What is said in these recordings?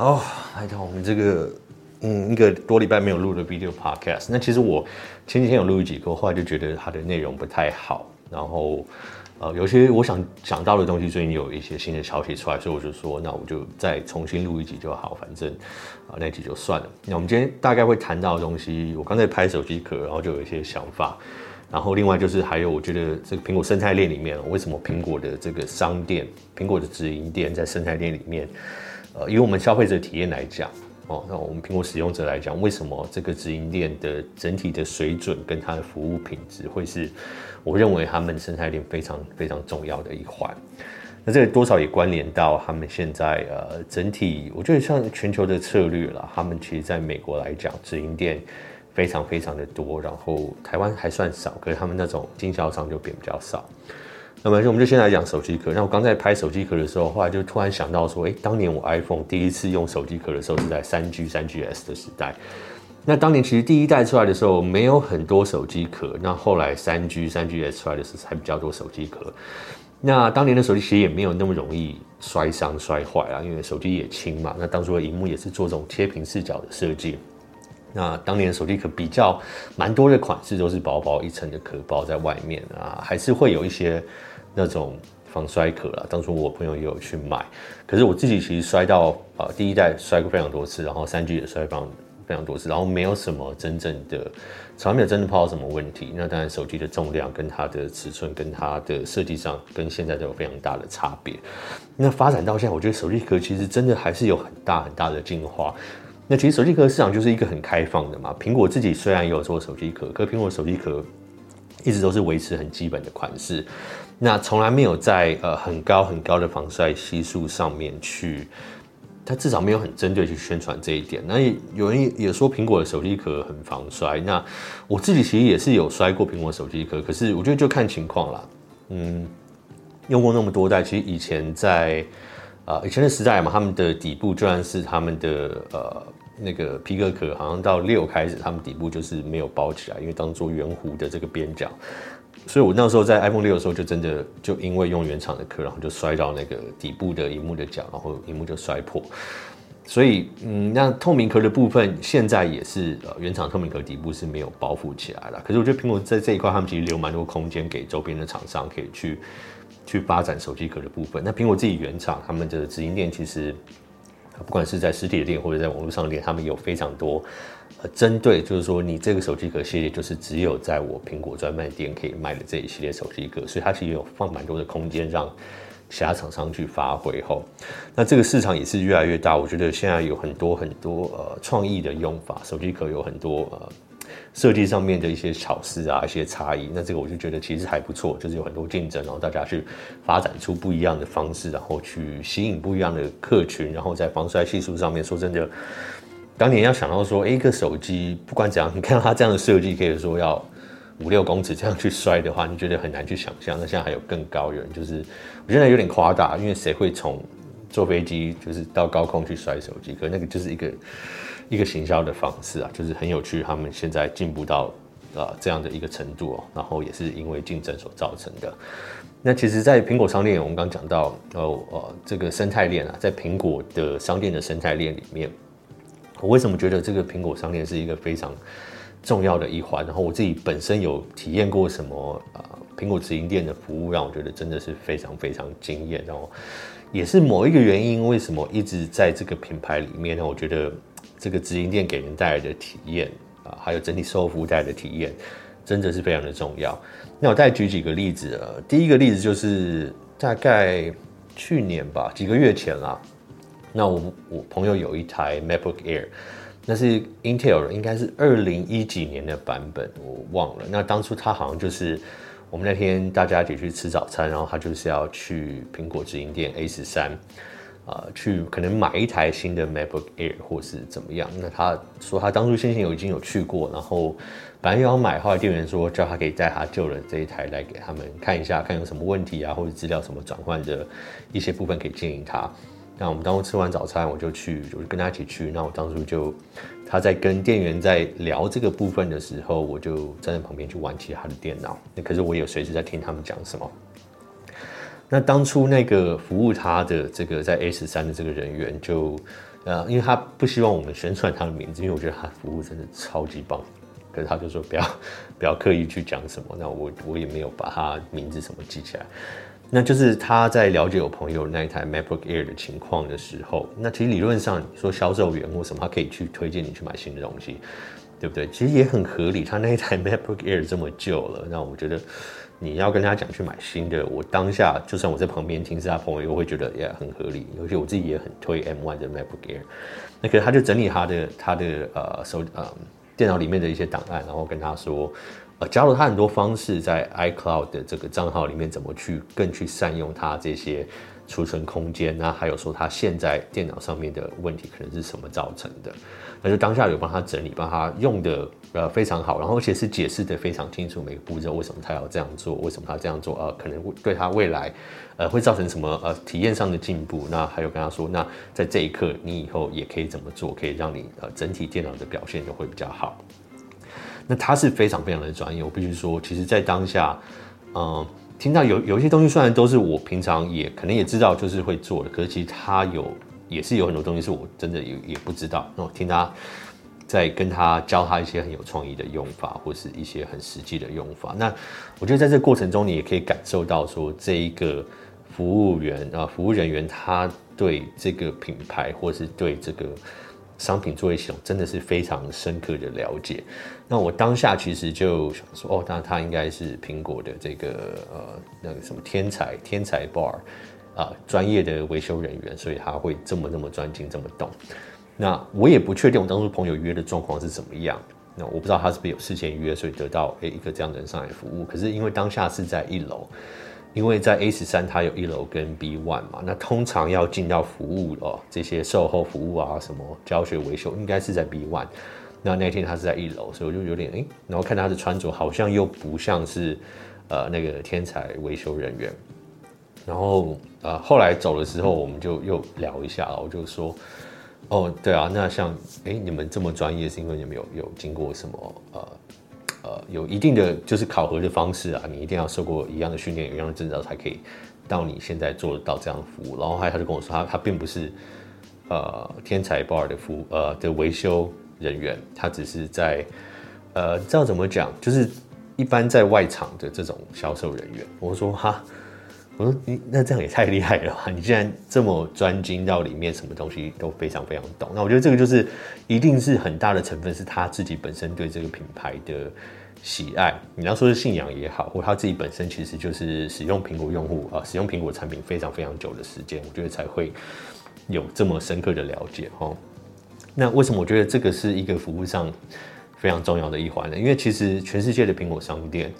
哦，oh, 來到我們這個，嗯，一個多禮拜沒有錄的 video podcast。那其實我前幾天有錄一集，過後來就覺得它的內容不太好。然後，呃，有些我想想到的東西，最近有一些新的消息出來，所以我就說，那我就再重新錄一集就好，反正啊、呃、那一集就算了。那我們今天大概會談到的東西，我剛才拍手機殼，然後就有一些想法。然後另外就是還有，我覺得這個蘋果生態鏈裡面，為什麼蘋果的這個商店、蘋果的直營店在生態鏈裡面？呃，以我們消費者體驗來講，哦，那我們蘋果使用者來講，為什麼這個直營店的整體的水準跟它的服務品質會是，我認為他們生態鏈非常非常重要的一環。那這個多少也關聯到他們現在呃整體，我覺得像全球的策略啦，他們其實在美國來講，直營店非常非常的多，然後台灣還算少，可是他們那種經銷商就變比較少。那反正我們就先來講手機殼。那我剛在拍手機殼的時候，後來就突然想到說，誒、欸、當年我 iPhone 第一次用手機殼的時候是在三 G 三 G S 的時代。那當年其實第一代出來的時候，沒有很多手機殼。那後來三 G 三 G S 出來的時候，才比較多手機殼。那當年的手機其實也沒有那麼容易摔傷摔壞啊，因為手機也輕嘛。那當初的屏幕也是做這種切屏視角的設計。那當年的手機殼比較蠻多的款式，都是薄薄一層的殼包在外面啊，還是會有一些那種防摔殼啊，當初我朋友也有去買，可是我自己其實摔到啊，第一代摔過非常多次，然後三 G 也摔過非常多次，然後沒有什麼真正的，從來沒有真的碰到什麼問題。那當然手機的重量跟它的尺寸跟它的設計上跟現在都有非常大的差別。那發展到現在，我覺得手機殼其實真的還是有很大很大的進化。那其實手機殼市場就是一個很開放的嘛。蘋果自己雖然有做手機殼，可蘋果手機殼一直都是維持很基本的款式，那從來沒有在呃很高很高的防摔係數上面去，它至少沒有很針對去宣傳這一點。那有人也說蘋果的手機殼很防摔，那我自己其實也是有摔過蘋果手機殼，可是我覺得就看情況啦。嗯，用過那麼多代，其實以前在啊、呃、以前的時代嘛，他們的底部就算是他們的呃。那個皮革殼好像到六開始，他們底部就是沒有包起來，因為當做圓弧的這個邊角，所以我那時候在 iPhone 六的時候，就真的就因為用原廠的殼，然後就摔到那個底部的熒幕的角，然後熒幕就摔破。所以，嗯，那透明殼的部分，現在也是呃原廠透明殼底部是沒有包覆起來了。可是我覺得蘋果在這一塊，他們其實留蠻多空間給周邊的廠商可以去去發展手機殼的部分。那蘋果自己原廠，他們的直營店其實。不管是在實體店或者在網絡上的店，他們有非常多，呃，針對就是說你這個手機殼系列，就是只有在我蘋果專賣店可以賣的這一系列手機殼，所以它其實有放蠻多的空間讓其他廠商去發揮吼。那這個市場也是越來越大，我覺得現在有很多很多呃創意的用法，手機殼有很多呃。設計上面的一些巧思啊，一些差異，那這個我就覺得其實還不錯，就是有很多競爭，然後大家去發展出不一樣的方式，然後去吸引不一樣的客群，然後在防摔係數上面，說真的，當年要想到說，一個手機不管怎樣，你看到它這樣的設計，可以說要五六公尺這樣去摔的話，你覺得很難去想象。那現在還有更高，人就是，我覺得有點誇大，因為誰會從？坐飛機就是到高空去摔手機，可那個就是一個一個行銷的方式啊，就是很有趣。他們現在進步到啊、呃、這樣的一個程度哦，然後也是因為競爭所造成的。那其實，在蘋果商店，我們剛講到哦，呃這個生態鏈啊，在蘋果的商店的生態鏈裡面，我為什麼覺得這個蘋果商店是一個非常重要的一環？然後我自己本身有體驗過什麼啊、呃、蘋果直營店的服務，讓我覺得真的是非常非常驚艷哦。然後也是某一個原因，為什麼一直在這個品牌裡面呢？我覺得這個直營店給人帶來的體驗啊，還有整體售後服務帶來的體驗，真的是非常的重要。那我再舉幾個例子，第一個例子就是大概去年吧，幾個月前啦。那我我朋友有一台 MacBook Air，那是 Intel 的，應該是二零一幾年的版本，我忘了。那當初他好像就是。我們那天大家一起去吃早餐，然後他就是要去蘋果直營店 A 十三，呃，去可能買一台新的 MacBook Air，或是怎麼樣。那他說他當初先前有已經有去過，然後本來要買，後來店員說叫他可以帶他舊的這一台來給他們看一下，看有什麼問題啊，或者資料什麼轉換的一些部分可以建議他。那我們當初吃完早餐，我就去，我就跟他一起去。那我當初就，他在跟店員在聊這個部分的時候，我就站在旁邊去玩其他的電腦。那可是我有隨時在聽他們講什麼。那當初那個服務他的這個在 A 十三的這個人員，就呃，因為他不希望我們宣傳他的名字，因為我覺得他服務真的超級棒。可是他就說不要，不要刻意去講什麼。那我我也沒有把他名字什麼記起來。那就是他在了解我朋友那一台 MacBook Air 的情況的時候，那其實理論上你說，銷售員或什麼，他可以去推薦你去買新的東西，對不對？其實也很合理。他那一台 MacBook Air 這麼舊了，那我覺得你要跟他講去買新的，我當下就算我在旁邊聽其他朋友，我會覺得也很合理。尤其我自己也很推 M1 的 MacBook Air。那可是他就整理他的他的呃手呃電腦裡面的一些檔案，然後跟他說。加入他很多方式在 iCloud 的這個賬號裡面，怎麼去更去善用他這些儲存空間呢？還有說他現在電腦上面的問題可能是什麼造成的？那就當下有幫他整理，幫他用的呃非常好，然後而且是解釋的非常清楚，每個步驟為什麼他要這樣做，為什麼他這樣做啊、呃？可能對他未來呃會造成什麼呃體驗上的進步？那還有跟他說，那在這一刻你以後也可以怎麼做，可以讓你呃整體電腦的表現就會比較好。那他是非常非常的專業，我必須說，其實，在當下，嗯，聽到有有一些東西，雖然都是我平常也可能也知道，就是會做的，可是其實他有也是有很多東西是我真的也也不知道。那、嗯、我聽他在跟他教他一些很有創意的用法，或是一些很實際的用法。那我覺得在這個過程中，你也可以感受到說，這一個服務員啊，服務人員他對這個品牌，或是對這個。商品作業系統真的是非常深刻的了解。那我當下其實就想說，哦，那他應該是蘋果的這個呃那個什麼天才天才 Bar 啊、呃、專業的維修人員，所以他會這麼那麼專精這麼懂。那我也不確定我當初朋友約的狀況是怎麼樣。那我不知道他是不是有事前約，所以得到誒一個這樣的人上門服務。可是因為當下是在一樓。因為在 A 十三它有一樓跟 B one 嘛，那通常要進到服務哦、喔，這些售後服務啊，什麼教學維修應該是在 B one，那那天他是在一樓，所以我就有點誒、欸，然後看他的穿着好像又不像是呃那個天才維修人員，然後呃後來走的時候我們就又聊一下，我就說哦對啊，那像誒、欸、你們這麼專業，是因為你們有有經過什麼呃？呃，有一定的就是考核的方式啊，你一定要受過一樣的訓練，一樣的證照，才可以到你現在做到這樣的服務。然後還他就跟我說，他他並不是呃天才吧的服務呃的維修人員，他只是在呃，知道怎麼講，就是一般在外場的這種銷售人員。我說哈。我說你那這樣也太厲害了吧！你竟然這麼專精到裡面，什麼東西都非常非常懂。那我覺得這個就是一定是很大的成分，是他自己本身對這個品牌的喜愛。你要說是信仰也好，或他自己本身其實就是使用蘋果用戶啊，使用蘋果產品非常非常久的時間，我覺得才會有這麼深刻的了解。哦，那為什麼我覺得這個是一個服務上非常重要的一環呢？因為其實全世界的蘋果商店。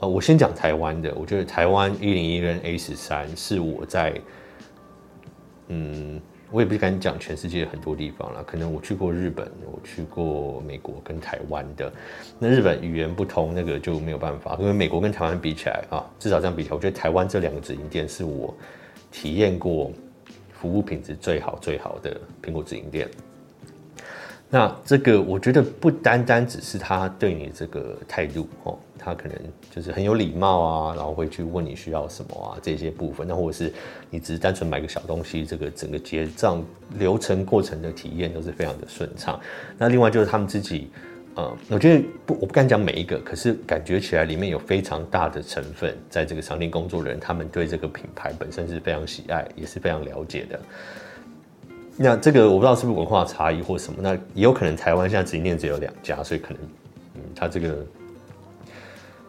呃，我先講台灣的，我覺得台灣一零一跟 A 十三是我在，嗯，我也不是敢講全世界很多地方啦，可能我去過日本，我去過美國跟台灣的。那日本語言不通，那個就沒有辦法。因為美國跟台灣比起來啊，至少這樣比起來，我覺得台灣這兩個直營店是我體驗過服務品質最好最好的蘋果直營店。那這個我覺得不單單只是他對你這個態度哦，他可能就是很有禮貌啊，然後會去問你需要什麼啊這些部分，那或者是你只是單純買個小東西，這個整個結賬流程過程的體驗都是非常的順暢。那另外就是他們自己，呃，我覺得不，我不敢講每一個，可是感覺起來裡面有非常大的成分在這個商店工作人員，他們對這個品牌本身是非常喜愛，也是非常了解的。那這個我不知道是不是文化差異或什麼，那也有可能台灣現在直營店只有兩家，所以可能，嗯，它這個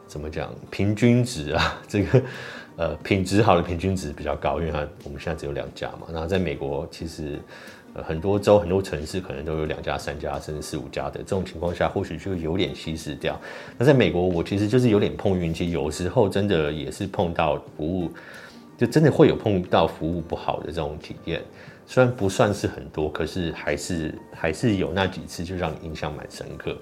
怎麼講，平均值啊，這個呃品質好的平均值比較高，因為它我們現在只有兩家嘛。然後在美國其實、呃、很多州很多城市可能都有兩家、三家甚至四五家的，這種情況下或許就有點稀釋掉。那在美國我其實就是有點碰運氣，其實有時候真的也是碰到服務，就真的會有碰到服務不好的這種體驗。雖然不算是很多，可是還是還是有那幾次就讓你印象蠻深刻。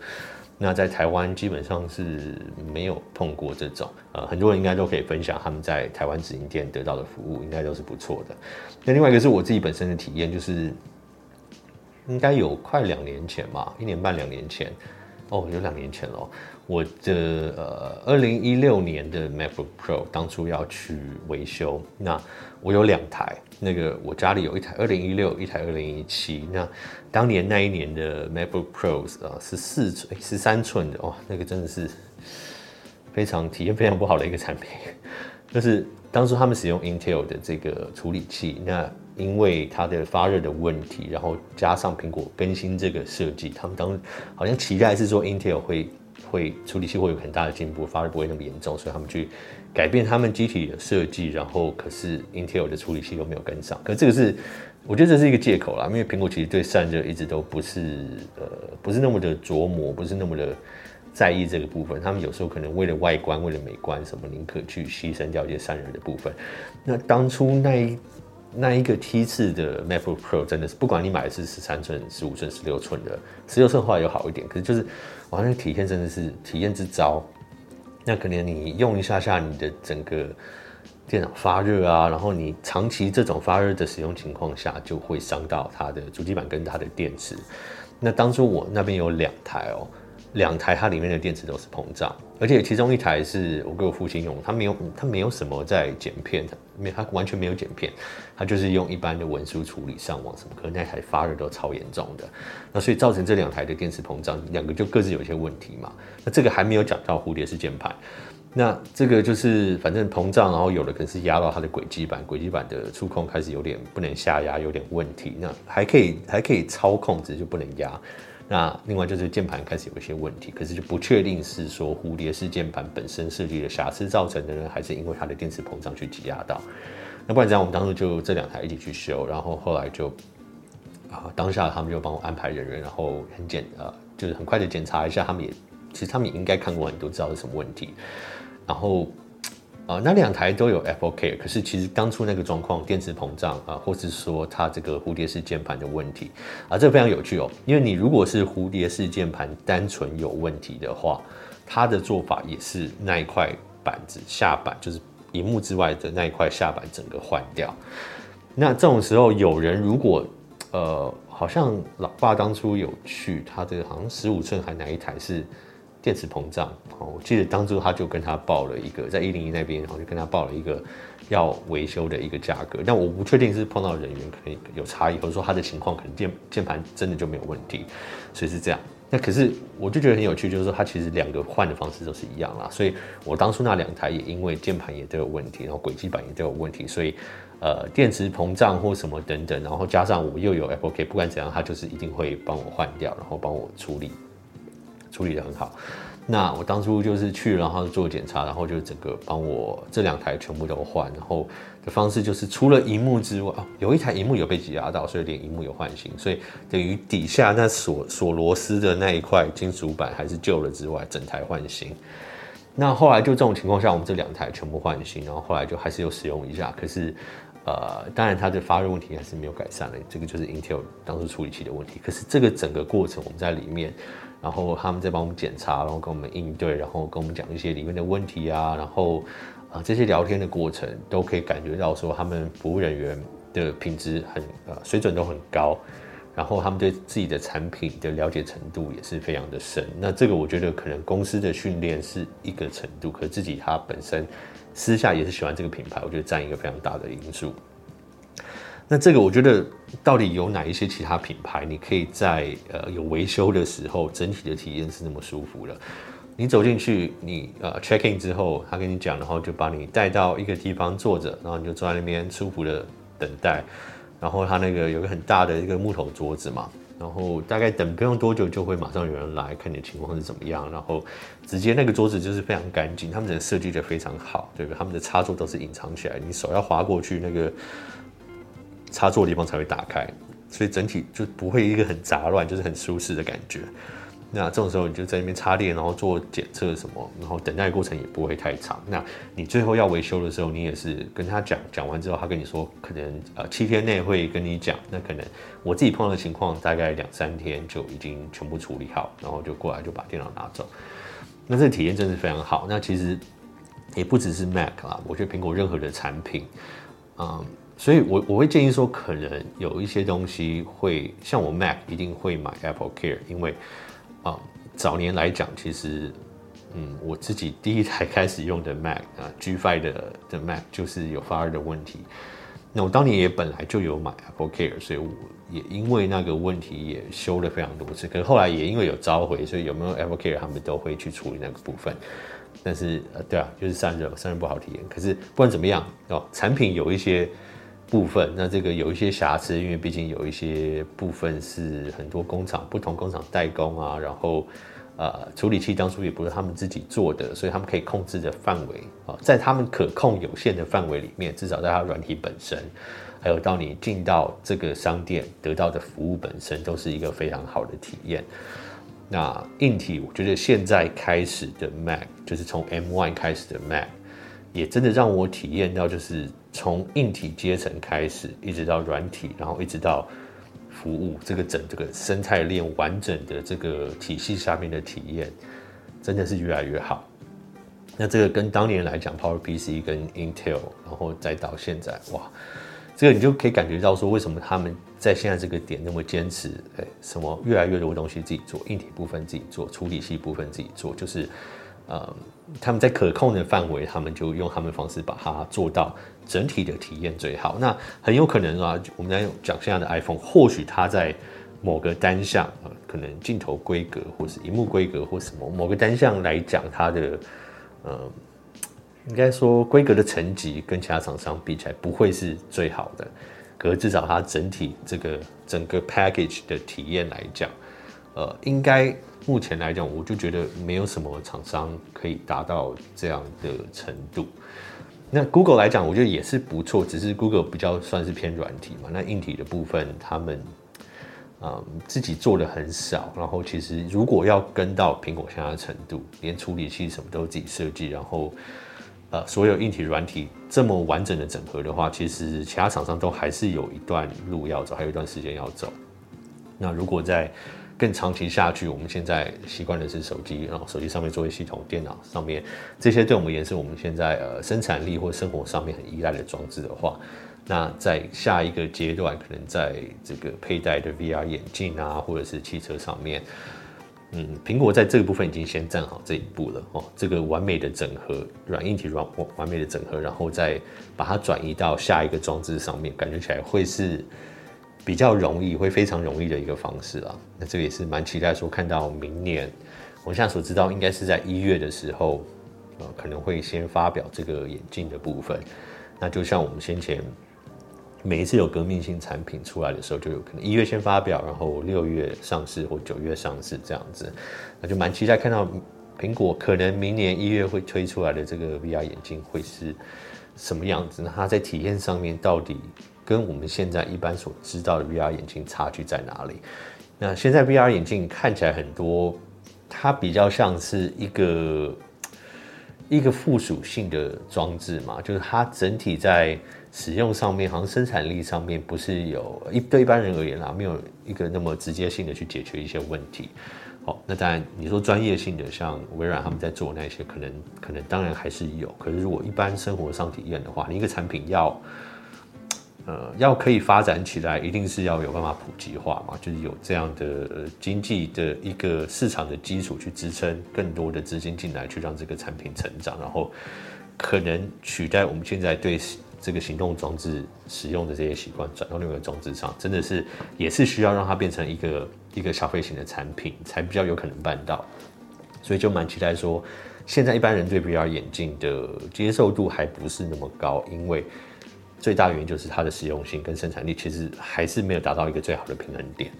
那在台灣基本上是沒有碰過這種，呃，很多人應該都可以分享他們在台灣直營店得到的服務，應該都是不錯的。那另外一個是我自己本身的體驗，就是應該有快兩年前吧，一年半兩年前，哦，有兩年前了。我的呃，二零一六年的 MacBook Pro 當初要去維修，那我有兩台。那個我家裡有一台二零一六，一台二零一七，那當年那一年的 MacBook Pro 啊、欸，十四寸、十三寸的，哦，那個真的是非常體驗非常不好的一個產品，就是當初他們使用 Intel 的這個處理器，那因為它的發熱的問題，然後加上蘋果更新這個設計，他們當好像期待是說 Intel 會會處理器會有很大的進步，發熱不會那麼嚴重，所以他們去改變他們機體的設計，然後可是 Intel 的處理器都沒有跟上，可是這個是我覺得這是一個借口啦，因為蘋果其實對散熱一直都不是呃不是那麼的琢磨，不是那麼的在意這個部分。他們有時候可能為了外觀，為了美觀，什麼寧可去犧牲掉一些散熱的部分。那當初那那一個 T 次的 MacBook Pro 真的是，不管你買的是十三寸、十五寸、十六寸的，十六寸的話有好一點，可是就是哇那個體驗真的是體驗之糟。那可能你用一下下，你的整個電腦發熱啊，然後你長期這種發熱的使用情況下，就會傷到它的主機板跟它的電池。那當初我那邊有兩台哦，兩台它裡面的電池都是膨脹。而且其中一台是我給我父親用，他沒有他沒有什麼在剪片，他沒他完全沒有剪片，他就是用一般的文書處理、上網什麼。可能那台發熱都超嚴重的，那所以造成這兩台的電池膨脹，兩個就各自有一些問題嘛。那這個還沒有講到蝴蝶式鍵盤，那這個就是反正膨脹，然後有的可能是壓到它的軌跡板，軌跡板的觸控開始有點不能下壓，有點問題。那還可以還可以操控，只是不能壓。那另外就是鍵盤開始有一些問題，可是就不確定是說蝴蝶式鍵盤本身設計的瑕疵造成的呢，還是因為它的電池膨脹去擠壓到。那不然這樣，我們當初就這兩台一起去修，然後後來就啊、呃，當下他們就幫我安排人員，然後很簡呃，就是很快的檢查一下，他們也其實他們也應該看過很多，知道是什麼問題，然後。啊，那兩台都有 AppleCare，可是其實當初那個狀況，電池膨脹啊，呃，或是說它這個蝴蝶式鍵盤的問題啊，呃，這個非常有趣哦。因為你如果是蝴蝶式鍵盤單純有問題的話，它的做法也是那一塊板子下板，就是熒幕之外的那一塊下板整個換掉。那這種時候，有人如果呃，好像老爸當初有去，他的好像十五寸還哪一台是？電池膨脹，哦，我記得當初他就跟他報了一個，在一零一那邊，然後就跟他報了一個要維修的一個價格，但我不確定是碰到人員可能有差異，或者說他的情況可能鍵鍵盤真的就沒有問題，所以是這樣。那可是我就覺得很有趣，就是說他其實兩個換的方式都是一樣啦，所以我當初那兩台也因為鍵盤也都有問題，然後軌跡板也都有問題，所以呃電池膨脹或什麼等等，然後加上我又有 AppleCare，不管怎樣他就是一定會幫我換掉，然後幫我處理。處理得很好，那我當初就是去，然後做檢查，然後就整個幫我這兩台全部都換，然後的方式就是除了熒幕之外，啊、有一台熒幕有被擠壓到，所以連熒幕有換新，所以等於底下那鎖鎖螺絲的那一塊金屬板還是舊了之外，整台換新。那後來就這種情況下，我們這兩台全部換新，然後後來就還是有使用一下，可是呃，當然它的發熱問題還是沒有改善了，這個就是 Intel 當初處理器的問題。可是這個整個過程我們在裡面。然後他們在幫我們檢查，然後跟我們應對，然後跟我們講一些裡面的問題啊，然後啊這些聊天的過程都可以感覺到說他們服務人員的品質很、啊、水準都很高，然後他們對自己的產品的了解程度也是非常的深。那這個我覺得可能公司的訓練是一個程度，可是自己他本身私下也是喜歡這個品牌，我覺得佔一個非常大的因素。那這個我覺得，到底有哪一些其他品牌，你可以在呃有維修的時候，整體的體驗是那麼舒服的？你走進去，你呃 check in 之後，他跟你講，然後就把你帶到一個地方坐着，然後你就坐在那邊舒服的等待。然後他那個有個很大的一個木頭桌子嘛，然後大概等不用多久就會馬上有人來看你的情況是怎麼樣，然後直接那個桌子就是非常乾淨，他們整個設計的非常好，對不對？他們的插座都是隱藏起來，你手要滑過去那個。插座的地方才會打開，所以整體就不會一個很雜亂，就是很舒適的感覺。那這種時候你就在那邊插電，然後做檢測什麼，然後等待過程也不會太長。那你最後要維修的時候，你也是跟他講，講完之後他跟你說可能呃七天內會跟你講。那可能我自己碰到的情況大概兩三天就已經全部處理好，然後就過來就把電腦拿走。那這體驗真是非常好。那其實也不只是 Mac 啦，我覺得蘋果任何的產品，嗯。所以我，我我會建議說，可能有一些東西會像我 Mac 一定會買 Apple Care，因為啊、呃，早年來講，其實，嗯，我自己第一台開始用的 Mac 啊，G5 的的 Mac 就是有發熱的問題。那我當年也本來就有買 Apple Care，所以我也因為那個問題也修了非常多次。可是後來也因為有召回，所以有沒有 Apple Care，他們都會去處理那個部分。但是呃，對啊，就是散熱，散熱不好體驗。可是不管怎麼樣哦、呃，產品有一些部分，那這個有一些瑕疵，因為畢竟有一些部分是很多工廠，不同工廠代工啊，然後，呃，處理器當初也不是他們自己做的，所以他們可以控制的範圍啊，在他們可控有限的範圍裡面，至少在它軟體本身，還有到你進到這個商店得到的服務本身，都是一個非常好的體驗。那硬體我覺得現在開始的 Mac 就是從 M1 開始的 Mac，也真的讓我體驗到就是。從硬體階層開始，一直到軟體，然後一直到服務，這個整這個生態鏈完整的這個體系下面的體驗，真的是越來越好。那這個跟當年來講，PowerPC 跟 Intel，然後再到現在，哇，這個你就可以感覺到說，為什麼他們在現在這個點那麼堅持，欸，什麼越來越多的東西自己做，硬體部分自己做，處理器部分自己做，就是。呃、嗯，他們在可控的範圍，他們就用他們方式把它做到整體的體驗最好。那很有可能啊，我們來講現在的 iPhone，或許它在某個單項、呃、可能鏡頭規格，或是熒幕規格，或是什麼某個單項來講，它的呃，應該說規格的層級跟其他廠商比起來不會是最好的，可是至少它整體這個整個 package 的體驗來講，呃，應該。目前來講，我就覺得沒有什麼廠商可以達到這樣的程度。那 Google 來講，我覺得也是不錯，只是 Google 比較算是偏軟體嘛。那硬體的部分，他們嗯、呃、自己做的很少。然後其實如果要跟到蘋果現在的程度，連處理器什麼都是自己設計，然後呃，所有硬體軟體這麼完整的整合的話，其實其他廠商都還是有一段路要走，還有一段時間要走。那如果在更長期下去，我們現在習慣的是手機，然後手機上面作業系統，電腦上面這些對我們也是我們現在呃生產力或生活上面很依賴的裝置的話，那在下一個階段，可能在這個佩戴的 VR 眼鏡啊，或者是汽車上面，嗯，蘋果在這個部分已經先站好這一步了哦，這個完美的整合，軟硬體軟完，完美的整合，然後再把它轉移到下一個裝置上面，感覺起來會是。比較容易，會非常容易的一個方式了。那這個也是蠻期待說，說看到明年，我現在所知道應該是在一月的時候，可能會先發表這個眼鏡的部分。那就像我們先前每一次有革命性產品出來的時候，就有可能一月先發表，然後六月上市或九月上市這樣子。那就蠻期待看到蘋果可能明年一月會推出來的這個 VR 眼鏡會是什麼樣子呢？那它在體驗上面到底？跟我們現在一般所知道的 VR 眼鏡差距在哪裡？那現在 VR 眼鏡看起來很多，它比較像是一個一個附屬性的裝置嘛，就是它整體在使用上面，好像生產力上面不是有一對一般人而言啊，沒有一個那麼直接性的去解決一些問題。好，那當然你說專業性的，像微軟他們在做那些，可能可能當然還是有。可是如果一般生活上體驗的話，你一個產品要。呃，要可以發展起來，一定是要有辦法普及化嘛，就是有這樣的、呃、經濟的一個市場的基礎去支撐更多的資金進來，去讓這個產品成長，然後可能取代我們現在對這個行動裝置使用的這些習慣，轉到另一個裝置上，真的是也是需要讓它變成一個一個消費型的產品，才比較有可能辦到。所以就蠻期待說，現在一般人對 VR 眼鏡的接受度還不是那麼高，因為。最大原因就是它的實用性跟生產力其實還是沒有達到一個最好的平衡點。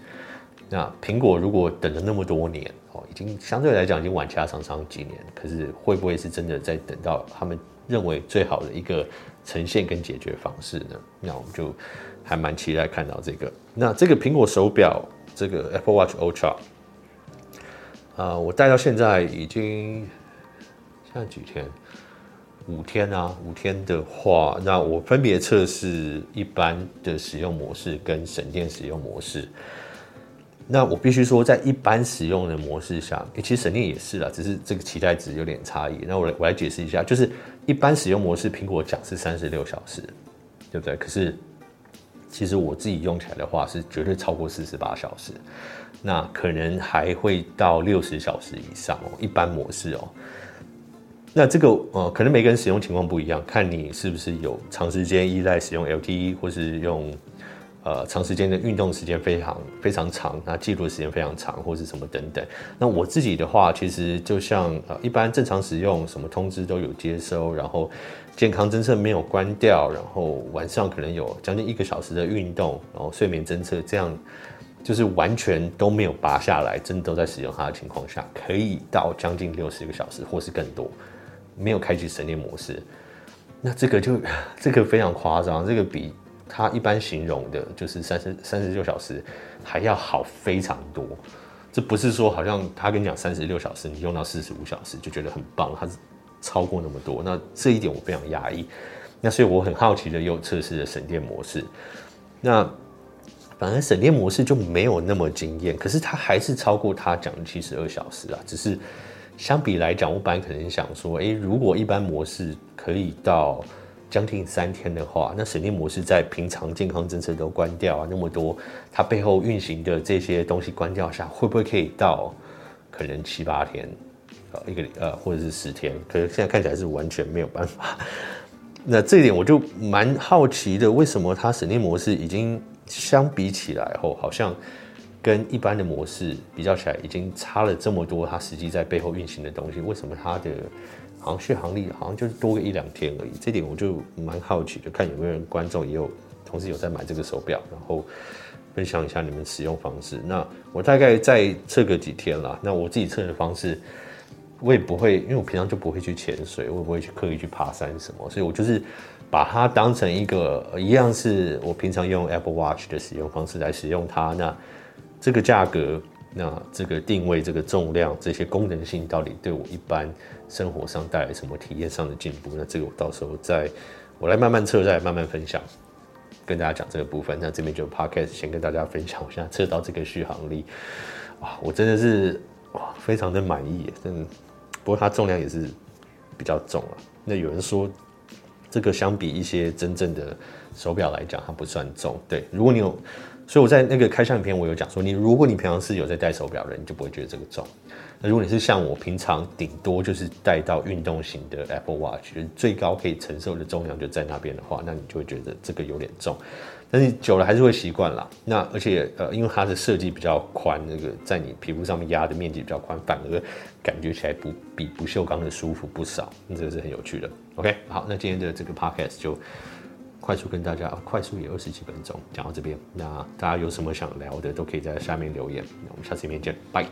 那蘋果如果等了那麼多年哦、喔，已經相對來講已經晚其他廠商幾年，可是會不會是真的在等到他們認為最好的一個呈現跟解決方式呢？那我們就還蠻期待看到這個。那這個蘋果手錶，這個 Apple Watch Ultra，啊、呃，我戴到現在已經現在幾天，五天啊，五天的話，那我分別測試一般的使用模式跟省電使用模式。那我必須說，在一般使用的模式下，欸、其實省電也是啦，只是這個期待值有點差異。那我來我來解釋一下，就是一般使用模式，蘋果講是三十六小時，對不對？可是其實我自己用起來的話，是絕對超過四十八小時，那可能還會到六十小時以上哦，一般模式哦。那這個呃，可能每個人使用情況不一樣，看你是不是有長時間依賴使用 LTE，或是用呃長時間的運動時間非常非常長，那，啊，記錄的時間非常長，或是什麼等等。那我自己的話，其實就像呃一般正常使用，什麼通知都有接收，然後健康偵測沒有關掉，然後晚上可能有將近一個小時的運動，然後睡眠偵測這樣，就是完全都沒有拔下來，真的都在使用它的情況下，可以到將近六十個小時，或是更多。沒有開啟省電模式，那這個就這個非常誇張，這個比他一般形容的就是三十三十六小時還要好非常多。這不是說好像他跟你講三十六小時，你用到四十五小時就覺得很棒，他是超過那麼多。那這一點我非常訝異。那所以我很好奇的又測試了省電模式，那反正省電模式就沒有那麼驚艷，可是他還是超過他講的七十二小時啊，只是。相比來講，我本來可能想說，誒，如果一般模式可以到將近三天的話，那省電模式在平常健康政策都關掉啊，那麼多它背後運行的這些東西關掉下，會不會可以到可能七八天一個呃，或者是十天？可是現在看起來是完全沒有辦法。那這一點我就蠻好奇的，為什麼它省電模式已經相比起來後，好像。跟一般的模式比較起來，已經差了這麼多。它實際在背後運行的東西，為什麼它的好像續航力好像就是多個一兩天而已？這點我就蠻好奇，就看有沒有人，觀眾也有，同時有在買這個手錶，然後分享一下你們使用方式。那我大概再測個幾天啦。那我自己測的方式，我也不會，因為我平常就不會去潛水，我也不會去刻意去爬山什麼，所以我就是把它當成一個一樣是我平常用 Apple Watch 的使用方式來使用它。那這個價格，那這個定位，這個重量、這些功能性，到底對我一般生活上帶來什麼體驗上的進步？那這個我到時候再，我來慢慢測，再慢慢分享，跟大家講這個部分。那這邊就 podcast 先跟大家分享，我現在測到這個續航力，哇，我真的是哇，非常的滿意。嗯，不過它重量也是比較重啊。那有人說，這個相比一些真正的手錶來講，它不算重。對，如果你有。所以我在那個開箱影片，我有講說，你如果你平常是有在戴手錶的,你就不會覺得這個重。那如果你是像我平常，頂多就是戴到運動型的 Apple Watch，最高可以承受的重量就在那邊的話，那你就會覺得這個有點重。但是久了還是會習慣啦。那而且呃，因為它的設計比較寬，那個在你皮膚上面壓的面積比較寬，反而感覺起來不比不鏽鋼的舒服不少。那這個是很有趣的。OK，好，那今天的這個 Podcast 就快速跟大家，快速也二十幾分鐘，講到這邊。那大家有什麼想聊的，都可以在下面留言。那我們下次影片見，拜。